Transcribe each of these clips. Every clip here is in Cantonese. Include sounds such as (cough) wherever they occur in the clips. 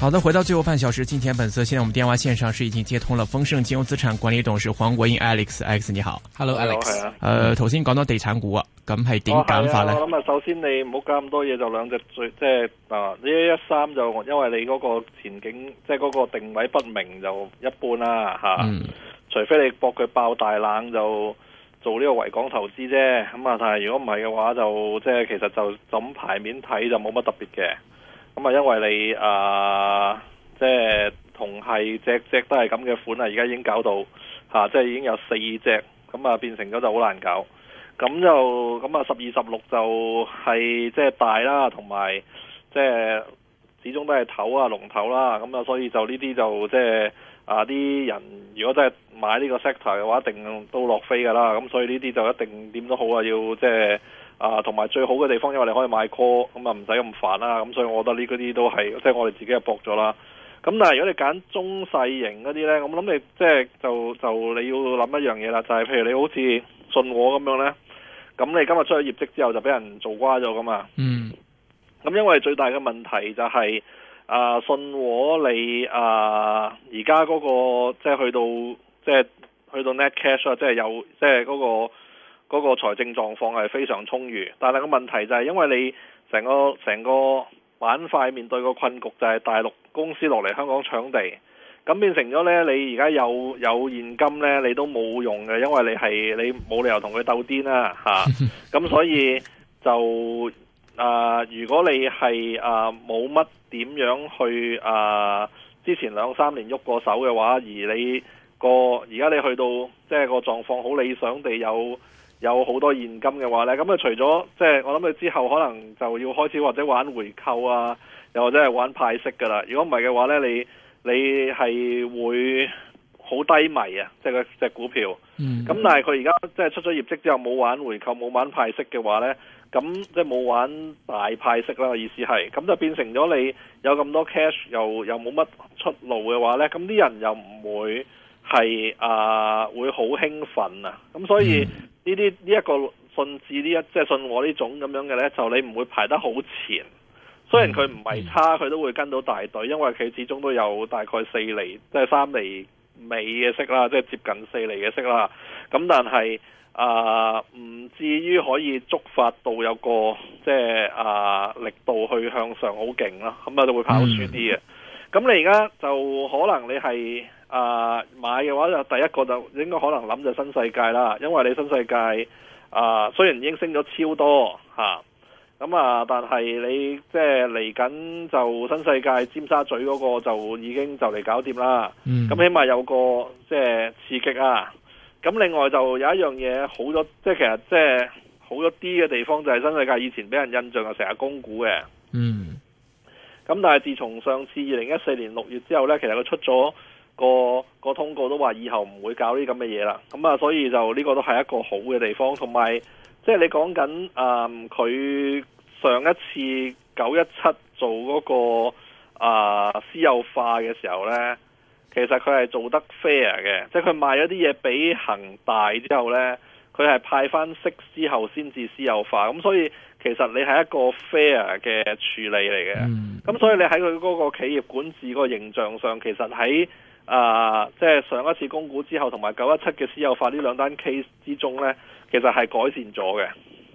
好的，回到最後半小時金錢本色。現在我們電話線上是已經接通了豐盛金融資產管理董事黃國英 Alex，Alex Alex, 你好，Hello Alex，Hello,、啊、呃，頭先講到地產股、oh, 啊，咁係點揀法咧？我諗啊，首先你唔好加咁多嘢，就兩隻最即係啊，呢一三就因為你嗰個前景即係嗰、那個定位不明就一半啦、啊、吓，啊嗯、除非你搏佢爆大冷就做呢個維港投資啫，咁啊，但係如果唔係嘅話就即係其實就排就咁牌面睇就冇乜特別嘅。咁啊，因為你啊、呃，即係同係隻隻都係咁嘅款啊，而家已經搞到嚇、啊，即係已經有四隻，咁啊變成咗就好難搞。咁就咁啊，十二十六就係、是、即係大啦，同埋即係始終都係頭啊，龍頭啦。咁啊，所以就呢啲就即係、就是、啊，啲人如果真係買呢個 sector 嘅話，一定都落飛㗎啦。咁所以呢啲就一定點都好啊，要即係。啊，同埋最好嘅地方，因為你可以買 call，咁啊唔使咁煩啦，咁所以我覺得呢啲都係，即係我哋自己又搏咗啦。咁但係，如果你揀中細型嗰啲呢，我諗你即係就就你要諗一樣嘢啦，就係譬如你好似信和咁樣呢。咁你今日出咗業績之後就俾人做瓜咗噶嘛。嗯。咁因為最大嘅問題就係啊，信和你啊，而家嗰個即係去到即係去到 net cash 啊，即係有即係嗰個。嗰個財政狀況係非常充裕，但係個問題就係因為你成個成個板塊面對個困局就係大陸公司落嚟香港搶地，咁變成咗呢，你而家有有現金呢，你都冇用嘅，因為你係你冇理由同佢鬥癲啦、啊、嚇，咁、啊、所以就啊如果你係啊冇乜點樣去啊之前兩三年喐過手嘅話，而你個而家你去到即係、即係、個狀況好理想地有。有好多現金嘅話呢，咁啊除咗即係我諗佢之後可能就要開始或者玩回購啊，又或者係玩派息㗎喇。如果唔係嘅話呢，你你係會好低迷啊，即係隻股票。咁、mm hmm。但係佢而家即係出咗業績之後冇玩回購冇玩派息嘅話呢，咁即係冇玩大派息啦。我意思係咁就變成咗你有咁多 cash 又又冇乜出路嘅話呢，咁啲人又唔會。係啊、呃，會好興奮啊！咁所以呢啲呢一個信置呢一即係信我呢種咁樣嘅呢，就你唔會排得好前。雖然佢唔係差，佢、嗯、都會跟到大隊，因為佢始終都有大概四厘，即係三厘尾嘅息啦，即係接近四厘嘅息啦。咁但係啊，唔、呃、至於可以觸發到有個即係啊、呃、力度去向上好勁啦。咁啊就會跑輸啲嘅。咁、嗯、你而家就可能你係。啊，買嘅話就第一個就應該可能諗就新世界啦。因為你新世界啊，雖然已經升咗超多吓，咁啊，啊，但係你即係嚟緊就新世界尖沙咀嗰個就已經就嚟搞掂啦。咁、嗯嗯、起碼有個即係、就是、刺激啊。咁、啊、另外就有一樣嘢好咗，即係其實即係好咗啲嘅地方就係新世界以前俾人印象係成日供股嘅。嗯。咁但係自從上次二零一四年六月之後呢，其實佢出咗。個個通告都話以後唔會搞呢咁嘅嘢啦，咁、嗯、啊，所以就呢、這個都係一個好嘅地方，同埋即係你講緊啊，佢、嗯、上一次九一七做嗰、那個啊私有化嘅時候呢，其實佢係做得 fair 嘅，即係佢賣咗啲嘢畀恒大之後呢，佢係派返息之後先至私有化，咁、嗯、所以其實你係一個 fair 嘅處理嚟嘅，咁、嗯、所以你喺佢嗰個企業管治個形象上，其實喺啊、呃，即係上一次供股之後，同埋九一七嘅私有化呢兩單 case 之中呢，其實係改善咗嘅、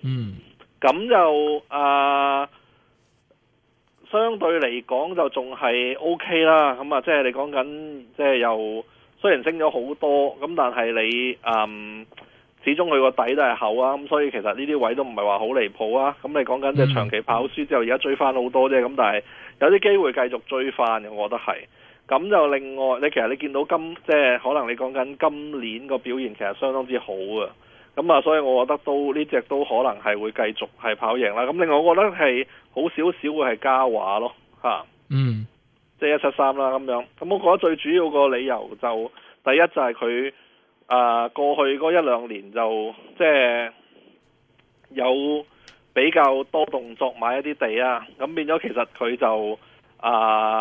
嗯呃 OK。嗯，咁就啊，相對嚟講就仲係 OK 啦。咁啊，即係你講緊，即係又雖然升咗好多，咁但係你嗯，始終佢個底都係厚啊。咁所以其實呢啲位都唔係話好離譜啊。咁、嗯、你講緊即係長期跑輸之後，而家追翻好多啫。咁但係有啲機會繼續追翻，我覺得係。咁就另外，你其實你見到今即係可能你講緊今年個表現其實相當之好啊，咁啊，所以我覺得都呢隻、這個、都可能係會繼續係跑贏啦。咁另外，我覺得係好少少會係嘉華咯，嚇，嗯，即係一七三啦咁樣。咁我覺得最主要個理由就第一就係佢啊過去嗰一兩年就即係有比較多動作買一啲地啊，咁變咗其實佢就啊。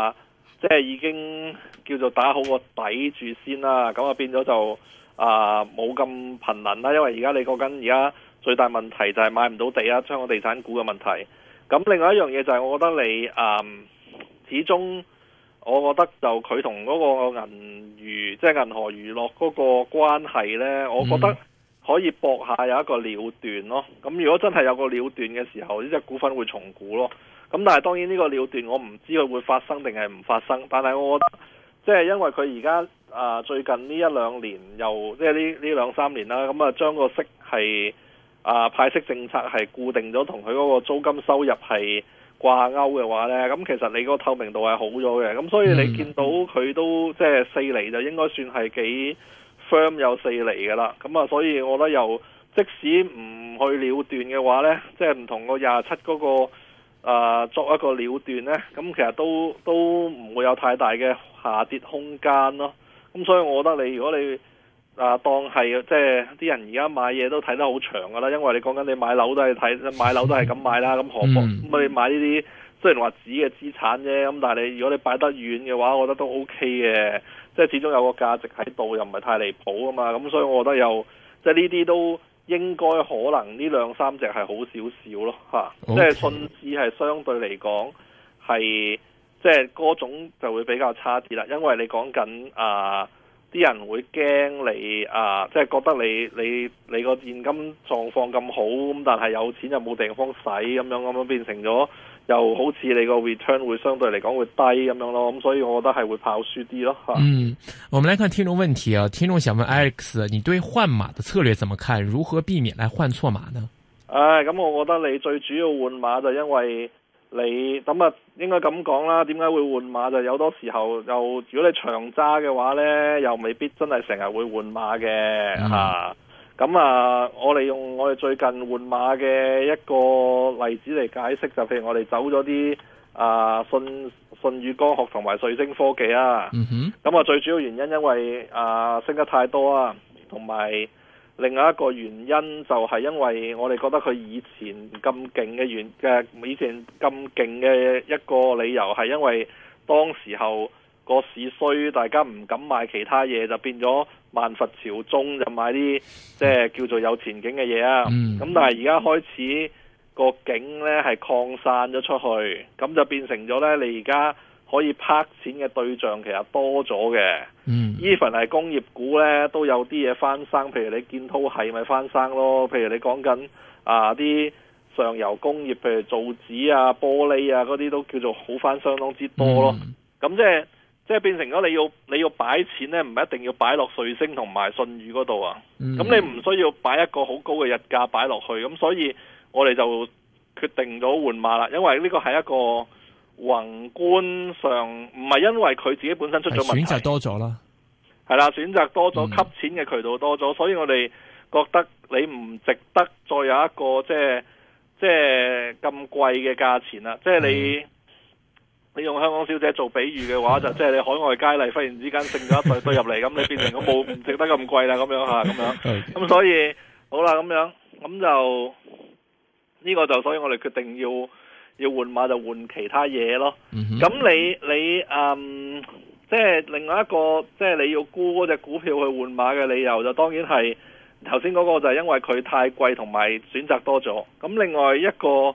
呃即係已經叫做打好個底住先啦，咁啊變咗就啊冇咁頻能啦，因為而家你講緊而家最大問題就係買唔到地啊，香港地產股嘅問題。咁另外一樣嘢就係我覺得你嗯，始終我覺得就佢同嗰個銀娛，即係銀河娛樂嗰個關係呢，我覺得可以搏下有一個了斷咯。咁如果真係有個了斷嘅時候，呢隻股份會重估咯。咁但係當然呢個了斷，我唔知佢會發生定係唔發生。但係我覺得，即係因為佢而家啊，最近呢一兩年又即係呢呢兩三年啦，咁啊將個息係啊、呃、派息政策係固定咗同佢嗰個租金收入係掛鈎嘅話呢，咁、嗯、其實你個透明度係好咗嘅。咁、嗯、所以你見到佢都即係四厘，就應該算係幾 firm 有四厘㗎啦。咁、嗯、啊，所以我覺得又即使唔去了斷嘅話呢，即係唔同、個廿七嗰個。啊，作一個了斷呢，咁其實都都唔會有太大嘅下跌空間咯。咁所以，我覺得你如果你啊當係即係啲人而家買嘢都睇得好長噶啦，因為你講緊你買樓都係睇買樓都係咁買啦，咁、嗯、何況、嗯、你買呢啲雖然話紙嘅資產啫，咁但係你如果你擺得遠嘅話，我覺得都 OK 嘅，即係始終有個價值喺度，又唔係太離譜啊嘛。咁所以，我覺得又即係呢啲都。應該可能呢兩三隻係好少少咯嚇，Okay. 即係信置係相對嚟講係即係嗰種就會比較差啲啦，因為你講緊啊啲、呃、人會驚你啊，即、呃、係、就是、覺得你你你個現金狀況咁好，咁但係有錢又冇地方使咁樣咁樣變成咗。又好似你個 return 會相對嚟講會低咁樣咯，咁所以我覺得係會跑輸啲咯。嗯，我們來看聽眾問題啊，聽眾想問 Alex，你對換馬嘅策略怎麼看？如何避免來換錯馬呢？誒、哎、咁、嗯、我覺得你最主要換馬就因為你咁啊、嗯，應該咁講啦。點解會換馬就？有多時候又如果你長揸嘅話呢，又未必真係成日會換馬嘅吓。嗯啊咁啊，我哋用我哋最近換馬嘅一個例子嚟解釋，就譬如我哋走咗啲啊舜舜宇光學同埋瑞聲科技啊。嗯哼。咁啊，最主要原因因為啊升得太多啊，同埋另外一個原因就係因為我哋覺得佢以前咁勁嘅原嘅以前咁勁嘅一個理由係因為當時候。個市衰，大家唔敢買其他嘢，就變咗萬佛朝宗，就買啲即係叫做有前景嘅嘢啊。咁、嗯、但係而家開始個景呢係擴散咗出去，咁就變成咗呢。你而家可以拍錢嘅對象其實多咗嘅。even 係、嗯、工業股呢，都有啲嘢翻生，譬如你建滔係咪翻生咯？譬如你講緊啊啲上游工業，譬如造紙啊、玻璃啊嗰啲，都叫做好翻相當之多咯。咁即係。嗯即係變成咗你要你要擺錢咧，唔係一定要擺落瑞星同埋信譽嗰度啊。咁、嗯、你唔需要擺一個好高嘅日價擺落去。咁所以我哋就決定咗換馬啦。因為呢個係一個宏觀上唔係因為佢自己本身出咗問題，選擇多咗啦。係啦，選擇多咗，吸錢嘅渠道多咗，嗯、所以我哋覺得你唔值得再有一個即係即係咁貴嘅價錢啦。即係你。嗯你用香港小姐做比喻嘅話，就即、是、係你海外佳麗忽然之間剩咗一隊堆入嚟，咁 (laughs) 你變成個冇唔值得咁貴啦，咁樣吓，咁樣。咁 Okay. 所以好啦，咁樣咁就呢、這個就，所以我哋決定要要換馬就換其他嘢咯。咁、mm hmm. 你你嗯，即、um, 係另外一個，即、就、係、是、你要沽嗰隻股票去換馬嘅理由，就當然係頭先嗰個就係因為佢太貴，同埋選擇多咗。咁另外一個。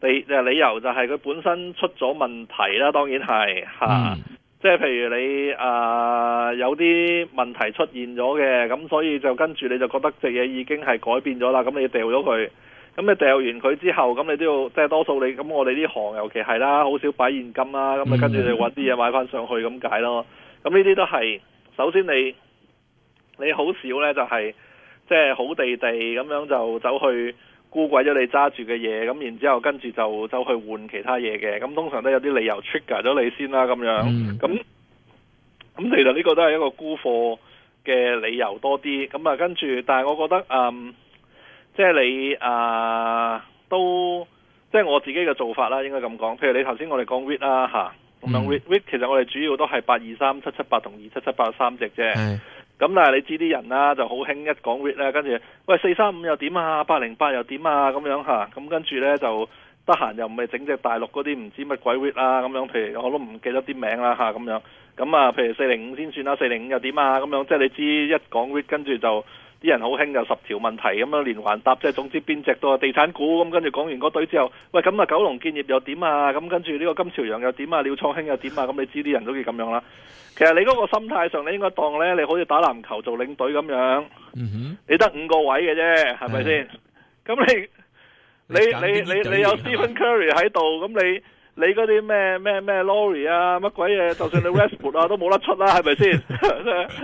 理理由，就係佢本身出咗問題啦，當然係嚇、嗯啊。即係譬如你啊、呃，有啲問題出現咗嘅，咁所以就跟住你就覺得隻嘢已經係改變咗啦，咁你掉咗佢。咁你掉完佢之後，咁你都要即係多數你咁我哋呢行，尤其係啦，好少擺現金啦。咁啊跟住你揾啲嘢買翻上去咁解咯。咁呢啲都係首先你你好少呢、就係，就係即係好地地咁樣就走去。沽鬼咗你揸住嘅嘢，咁然之後跟住就走去換其他嘢嘅，咁通常都有啲理由 trigger 咗你先啦，咁樣，咁咁、嗯、其實呢個都係一個沽貨嘅理由多啲，咁啊跟住，但係我覺得，嗯，即係你啊、呃、都，即係我自己嘅做法啦，應該咁講。譬如你頭先我哋講 REIT 啦、啊，嚇、嗯，咁樣 REIT REIT 其實我哋主要都係八二三七七八同二七七八三隻啫。咁但係你知啲人啦、啊，就好興一講 REIT 啦、啊，跟住喂四三五又點啊？八零八又點啊？咁樣嚇，咁、啊、跟住呢，就得閒又唔係整隻大陸嗰啲唔知乜鬼 REIT 啊咁樣，譬如我都唔記得啲名啦嚇咁樣，咁啊譬如四零五先算啦、啊，四零五又點啊？咁樣，即係你知一講 REIT 跟住就。啲人好興又十條問題咁樣連環答，即係總之邊隻都係地產股咁。跟住講完個隊之後，喂咁啊，九龍建業又點啊？咁跟住呢個金朝陽又點啊？廖創興又點啊？咁你知啲人都要咁樣啦。其實你嗰個心態上，你應該當咧，你好似打籃球做領隊咁樣，你得五個位嘅啫，係咪先？咁你你你你你有 Stephen Curry 喺度，咁你你嗰啲咩咩咩 Laurie 啊，乜鬼嘢，就算你 Westbrook 啊，都冇得出啦，係咪先？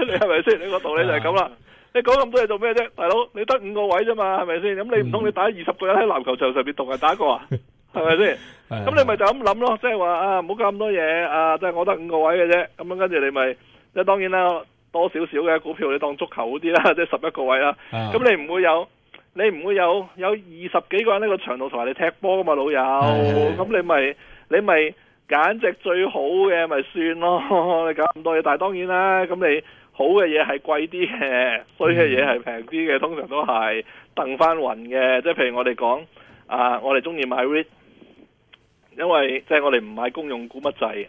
你係咪先？呢個道理就係咁啦。你講咁多嘢做咩啫，大佬？你得五個位啫嘛，係咪先？咁你唔通你打二十個人喺籃球場上邊同人打過、 (laughs) 就是、啊？係咪先？咁你咪就咁諗咯，即係話啊，唔好咁多嘢啊！即係我得五個位嘅啫，咁樣跟住你咪即係當然啦，多少少嘅股票你當足球啲啦，即係十一個位啦。咁 (laughs) 你唔會有，你唔會有有二十幾個人呢個場度同台嚟踢波噶嘛，老友？咁 (laughs) (laughs) 你咪你咪揀隻最好嘅咪算咯，你搞咁多嘢。但係當然啦，咁你。好嘅嘢係貴啲嘅，衰嘅嘢係平啲嘅，通常都係掟翻雲嘅。即係譬如我哋講啊，我哋中意買 REIT，因為即係、就是、我哋唔買公用股乜滯，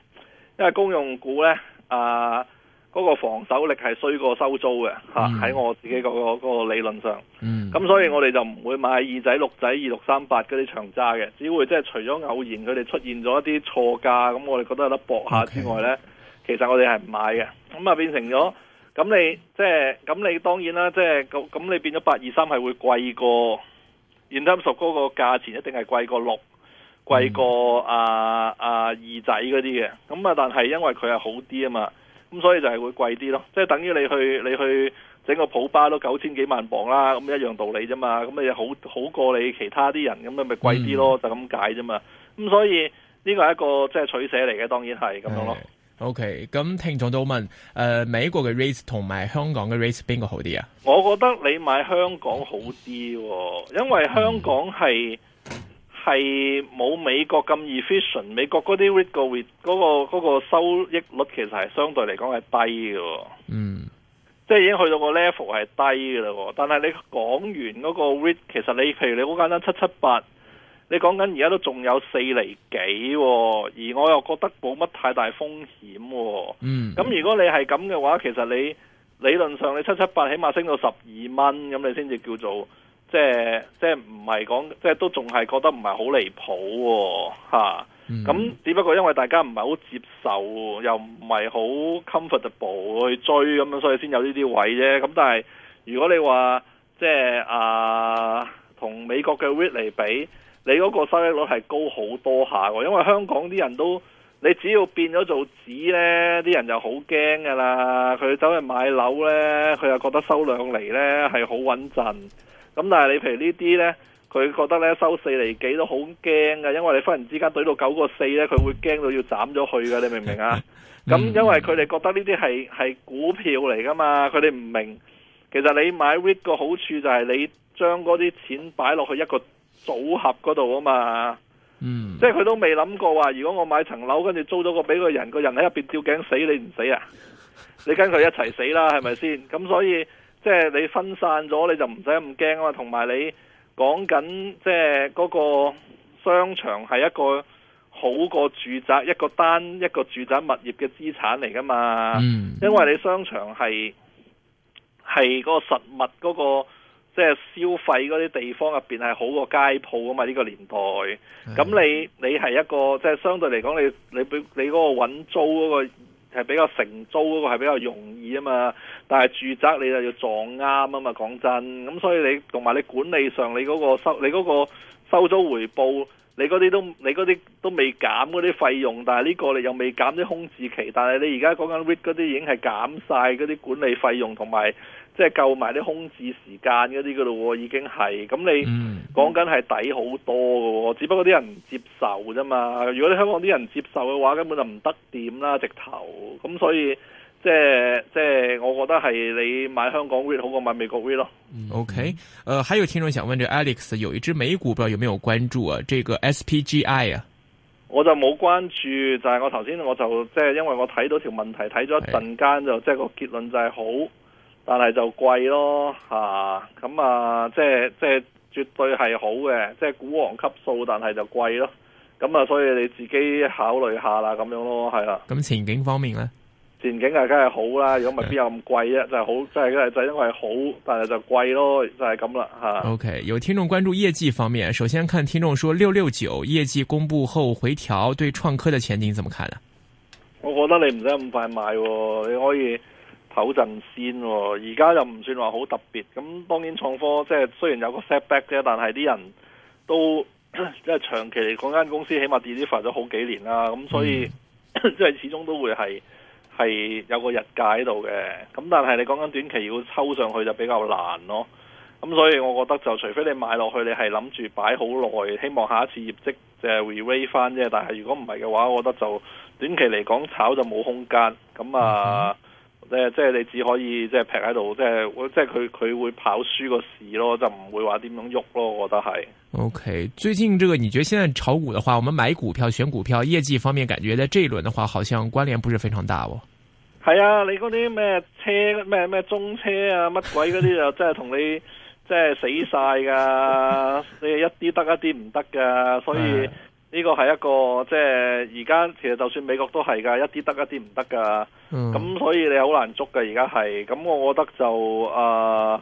因為公用股呢，啊嗰、那個防守力係衰過收租嘅嚇。喺、嗯啊、我自己嗰個、那個理論上，咁、嗯、所以我哋就唔會買二仔六仔二六三八嗰啲長揸嘅，只會即係除咗偶然佢哋出現咗一啲錯價，咁我哋覺得有得搏下之外呢，Okay. 其實我哋係唔買嘅。咁啊變成咗。咁你即係咁你當然啦，即係咁咁你變咗八二三係會貴過現金嗰個價錢，一定係貴過六貴過啊啊、呃呃、二仔嗰啲嘅。咁啊，但係因為佢係好啲啊嘛，咁所以就係會貴啲咯。即係等於你去你去整個普巴都九千幾萬磅啦，咁一樣道理啫嘛。咁你就好好過你其他啲人，咁咪咪貴啲咯，嗯、就咁解啫嘛。咁所以呢個係一個即係取捨嚟嘅，當然係咁樣咯。嗯 O K，咁聽眾都問，誒、呃、美國嘅 rate 同埋香港嘅 rate 邊個好啲啊？我覺得你買香港好啲喎、哦，因為香港係係冇美國咁 efficient，美國嗰啲 rate 嗰個嗰個嗰個收益率其實係相對嚟講係低嘅、哦，嗯，即係已經去到個 level 係低嘅嘞。但係你港元嗰個 rate，其實你譬如你好簡單七七八。7, 7, 8, 你講緊而家都仲有四厘幾喎，而我又覺得冇乜太大風險喎、哦。嗯、mm，咁、hmm. 如果你係咁嘅話，其實你理論上你七七八起碼升到十二蚊，咁你先至叫做即係即係唔係講即係都仲係覺得唔係好離譜嚇、哦。咁、啊 mm hmm. 只不過因為大家唔係好接受，又唔係好 comfortable 去追咁樣，所以先有呢啲位啫。咁但係如果你話即係啊，同、呃、美國嘅 WIT 嚟比。你嗰個收益率係高好多下喎，因為香港啲人都，你只要變咗做紙呢，啲人就好驚噶啦。佢走去買樓呢，佢又覺得收兩厘呢係好穩陣。咁但係你譬如呢啲呢，佢覺得咧收四厘幾都好驚噶，因為你忽然之間對到九個四呢，佢會驚到要斬咗去噶。你明唔明啊？咁 (laughs) 因為佢哋覺得呢啲係係股票嚟噶嘛，佢哋唔明。其實你買 REIT 個好處就係你將嗰啲錢擺落去一個。組合嗰度啊嘛，嗯，即係佢都未諗過話，如果我買層樓跟住租咗個俾個人，個人喺入邊吊頸死，你唔死啊？你跟佢一齊死啦，係咪先？咁所以即係你分散咗，你就唔使咁驚啊嘛。同埋你講緊即係嗰個商場係一個好過住宅一個單一個住宅物業嘅資產嚟噶嘛，嗯，因為你商場係係嗰個實物嗰個。即係消費嗰啲地方入邊係好過街鋪啊嘛！呢個年代，咁的你你係一個即係相對嚟講你，你你你嗰個揾租嗰個係比較承租嗰個係比較容易啊嘛。但係住宅你就要撞啱啊嘛。講真，咁所以你同埋你管理上你嗰個收你嗰個收租回報，你嗰啲都你啲都未減嗰啲費用，但係呢個你又未減啲空置期。但係你而家講緊 REIT 嗰啲已經係減晒嗰啲管理費用同埋。即係夠埋啲空置時間嗰啲噶咯，已經係咁，你講緊係抵好多噶，只不過啲人唔接受啫嘛。如果你香港啲人接受嘅話，根本就唔得掂啦，直頭。咁所以即係即係，我覺得係你買香港 REIT 好過買美國 REIT 咯。OK，誒、呃，還有聽眾想問，就 Alex 有一支美股，唔知有冇關注啊？這個 SPGI 啊，我就冇關注，就係、是、我頭先我就即係因為我睇到條問題睇咗一陣間就，的就即係個結論就係好。但係就貴咯吓，咁啊、嗯、啊即係即係絕對係好嘅，即係股王級數，但係就貴咯。咁啊，所以你自己考慮下啦，咁樣咯，係啦、啊。咁前景方面咧？前景啊，梗係好啦。如果唔係，邊有咁貴啊？就係好，就係、係、就係、係、因為好，但係就貴咯，就係咁啦吓。啊、OK，有聽眾關注業績方面，首先看聽眾說六六九業績公布後回調，對創科嘅前景怎麼看咧？我覺得你唔使咁快賣，你可以。唞陣先喎，而家又唔算話好特別。咁當然創科即係雖然有個 setback 啫，但係啲人都即係長期嚟講間公司起碼 diversify 咗好幾年啦。咁所以即係、嗯、 (laughs) 始終都會係係有個日界喺度嘅。咁但係你講緊短期要抽上去就比較難咯。咁所以我覺得就除非你買落去，你係諗住擺好耐，希望下一次業績就係 reweigh 翻啫。但係如果唔係嘅話，我覺得就短期嚟講炒就冇空間。咁啊～、嗯即係你只可以即係劈喺度，即係即係佢佢會跑輸個市咯，就唔會話點樣喐咯，我覺得係。O、okay. K，最近呢、這個你覺得現在炒股的話，我們買股票選股票業績方面，感覺在這一輪的話，好像關聯不是非常大哦。係啊，你嗰啲咩車咩咩中車啊乜鬼嗰啲 (laughs) 就真係同你即係、就是、死晒噶， (laughs) 你一啲得一啲唔得噶，所以。嗯呢個係一個即係而家其實就算美國都係㗎，一啲得一啲唔得㗎。咁、嗯嗯、所以你好難捉㗎。而家係咁，我覺得就啊、呃、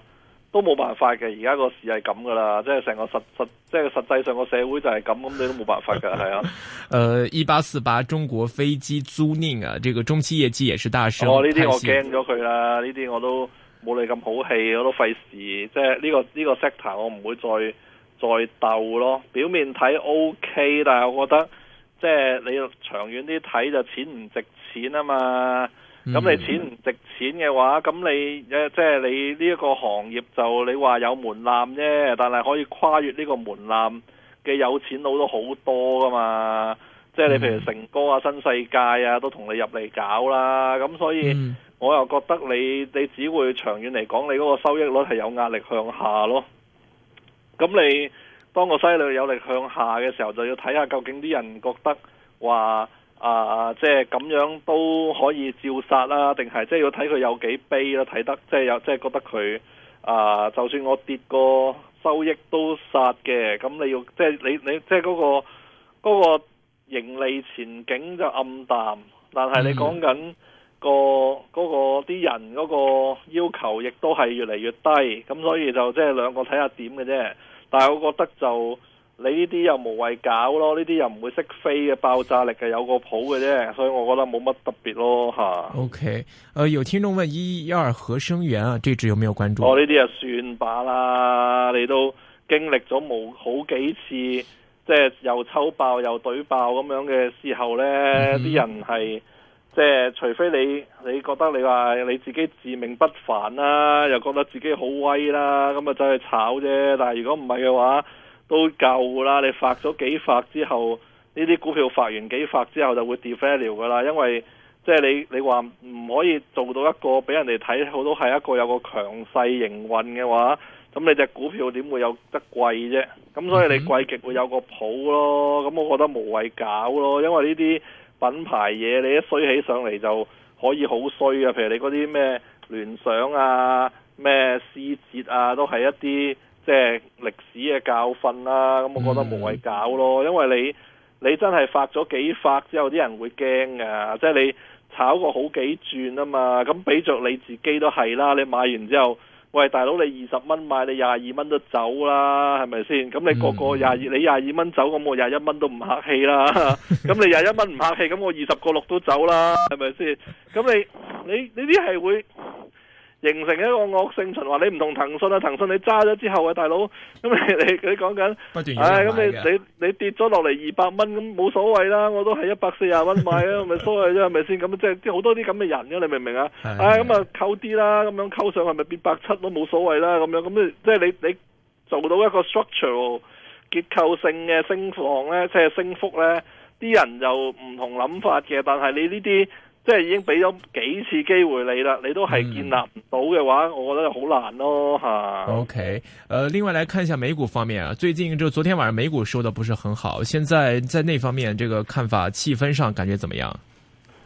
都冇辦法嘅。而家個事係咁㗎啦，即係成個實實即係實際上個社會就係咁，咁你都冇辦法㗎。係 (laughs) 啊。誒、呃，一八四八中國飛機租賃啊，這個中期業績也是大升。哦，呢啲我驚咗佢啦，呢啲我都冇你咁好氣，我都費事。即係呢、這個呢、這個這個這個這個 sector，我唔會再。再鬥咯，表面睇 OK，但係我覺得即係你長遠啲睇就錢唔值錢啊嘛。咁、嗯、你錢唔值錢嘅話，咁你誒即係你呢一個行業就你話有門檻啫，但係可以跨越呢個門檻嘅有錢佬都好多㗎嘛。嗯、即係你譬如誠哥啊、新世界啊都同你入嚟搞啦。咁所以、嗯、我又覺得你你只會長遠嚟講，你嗰個收益率係有壓力向下咯。咁你當個犀利有力向下嘅時候，就要睇下究竟啲人覺得話啊，即係咁樣都可以照殺啦，定係即係要睇佢有幾悲啦？睇得即係、即係、有即係、即係、覺得佢啊、呃，就算我跌個收益都殺嘅，咁你要即係、即係、你你即係嗰個嗰個盈利前景就暗淡，但係你講緊、嗰個嗰、嗰個啲、嗰個、人嗰個要求亦都係越嚟越低，咁所以就即係兩個睇下點嘅啫。但係我覺得就你呢啲又無謂搞咯，呢啲又唔會識飛嘅爆炸力嘅，有個譜嘅啫，所以我覺得冇乜特別咯吓。啊、OK，誒、呃，有聽眾問一一一二合生元啊，這支有沒有關注？我呢啲啊算吧啦，你都經歷咗冇好幾次，即係又抽爆又懟爆咁樣嘅時候呢，啲、嗯、人係。即係除非你，你覺得你話你自己自命不凡啦、啊，又覺得自己好威啦、啊，咁啊就去炒啫。但係如果唔係嘅話，都夠啦。你發咗幾發之後，呢啲股票發完幾發之後就會 defer 噶啦。因為即係、就是、你你話唔可以做到一個俾人哋睇，好多係一個有個強勢營運嘅話，咁你隻股票點會有得貴啫？咁所以你貴極會有個譜咯。咁我覺得無謂搞咯，因為呢啲。品牌嘢你一衰起上嚟就可以好衰啊！譬如你嗰啲咩聯想啊、咩思捷啊，都係一啲即係歷史嘅教訓啦、啊。咁我覺得無謂搞咯，因為你你真係發咗幾發之後啲人會驚嘅，即係你炒過好幾轉啊嘛。咁俾着你自己都係啦，你買完之後。喂，大佬，你二十蚊買，你廿二蚊都走啦，係咪先？咁你個個廿二，你廿二蚊走，咁我廿一蚊都唔客氣啦。咁 (laughs) 你廿一蚊唔客氣，咁我二十個六都走啦，係咪先？咁你，你呢啲係會。形成一個惡性循環，你唔同騰訊啊，騰訊你揸咗之後啊，大佬，因為你佢講緊，不斷要買嘅，咁、哎、你你你跌咗落嚟二百蚊，咁冇所謂啦，我都係一百四十蚊買啊，咪所謂啫，係咪先？咁即係好多啲咁嘅人嘅，你明唔明啊？唉的，咁啊、哎，扣啲啦，咁樣扣上係咪變百七都冇所謂啦？咁樣咁即係你你做到一個 structure 結構性嘅升浪咧，即、就、係、是、升幅咧，啲人就唔同諗法嘅，但係你呢啲。即係已經俾咗幾次機會你啦，你都係建立唔到嘅話，嗯、我覺得好難咯吓。啊、OK、呃、另外嚟看一下美股方面啊，最近就昨天晚上美股收得不是很好，現在在那方面，這個看法氣氛上感覺怎麼樣？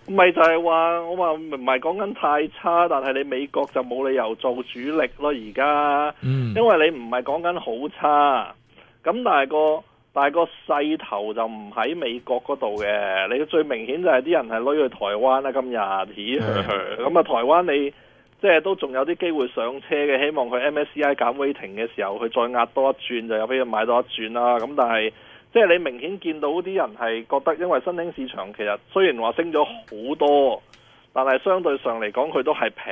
唔係就係話，我話唔係講緊太差，但係你美國就冇理由做主力咯而家，嗯、因為你唔係講緊好差，咁但係個。但係個勢頭就唔喺美國嗰度嘅，你最明顯就係啲人係攞去台灣啦，今日咁啊， (laughs) (laughs) 台灣你即係、就是、都仲有啲機會上車嘅，希望佢 MSCI 減 Weighting 嘅時候，佢再壓多一轉就有，比如買多一轉啦。咁但係即係你明顯見到啲人係覺得，因為新興市場其實雖然話升咗好多。但係相對上嚟講，佢都係平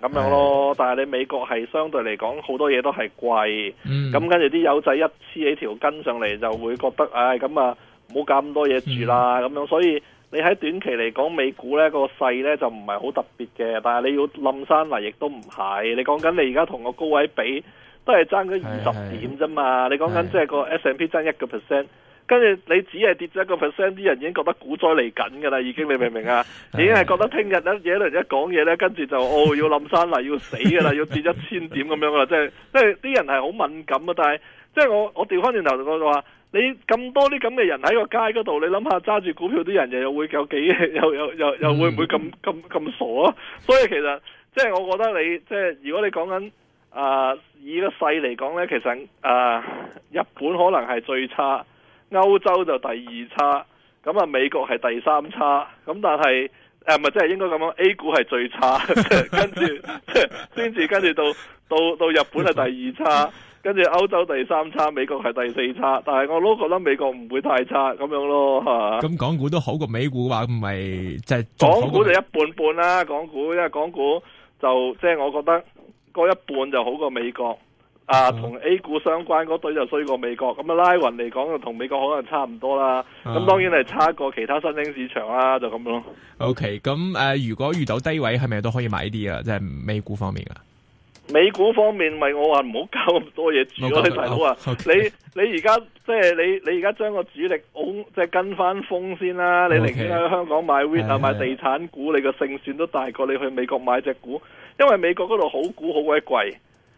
咁樣咯。但係你美國係相對嚟講，好多嘢都係貴。咁跟住啲友仔一黐起條筋上嚟，就會覺得唉，咁、哎、啊，唔好咁多嘢住啦咁、嗯、樣。所以你喺短期嚟講，美股呢個勢呢，個勢呢就唔係好特別嘅。但係你要冧山，嚟，亦都唔係。你講緊你而家同個高位比，都係爭咗二十點啫嘛。你講緊即係個 S&P 爭一個 percent。跟住你只係跌咗一個 percent，啲人已經覺得股災嚟緊嘅啦，已經你明唔明啊？已經係覺得聽日咧，野輪 (laughs) 一講嘢咧，跟住就哦要冧山啦，要， (laughs) 要死嘅啦，要跌一千點咁樣啦，即係即係啲人係好敏感啊。但係即係我我調翻轉頭就話，你咁多啲咁嘅人喺個街嗰度，你諗下揸住股票啲人又又會有幾又又又又，又會唔會咁咁咁傻啊？所以其實即係我覺得你即係如果你講緊啊以個勢嚟講咧，其實啊、呃、日本可能係最差。歐洲就第二差，咁啊美國係第三差，咁但係誒唔係即係應該咁樣，A 股係最差， (laughs) 跟住先至跟住到到到日本係第二差，跟住歐洲第三差，美國係第四差，但係我都覺得美國唔會太差咁樣咯，係嘛？咁港股都好過美股話唔係即係？是是股港股就一半半啦，港股因為港股就即係、就是、我覺得嗰一半就好過美國。啊，同 A 股相關嗰堆就衰過美國，咁啊拉匀嚟講就同美國可能差唔多啦。咁、啊、當然係差過其他新興市場啦、啊，就咁咯。OK，咁誒、呃，如果遇到低位，係咪都可以買啲啊？即係美股方面啊？美股方面，咪我話唔好搞咁多嘢住咯，大佬啊！你你而家即係你你而家將個主力，即、就、係、是、跟翻風先啦。Okay. 你寧願喺香港買 Weat 買地產股，你個勝算都大過你去美國買隻股，因為美國嗰度好股好鬼貴。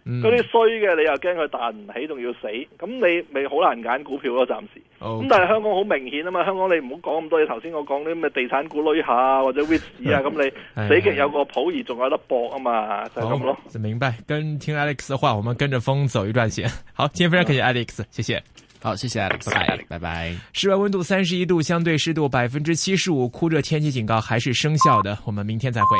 嗰啲衰嘅你又驚佢彈唔起，仲要死，咁你咪好難揀股票咯，暫時。咁但係香港好明顯啊嘛，香港你唔好講咁多嘢。頭先我講啲咩地產股類下或者 witch 啊，咁你死嘅，有個普爾仲有得搏啊嘛，就係咁咯。明白，跟聽 Alex 嘅話，我們跟着風走一段先。好，今天非常感謝 Alex，謝謝，好，謝謝 Alex，拜拜，拜拜。室外溫度三十一度，相對濕度百分之七十五，酷熱天氣警告還是生效的。我們明天再會。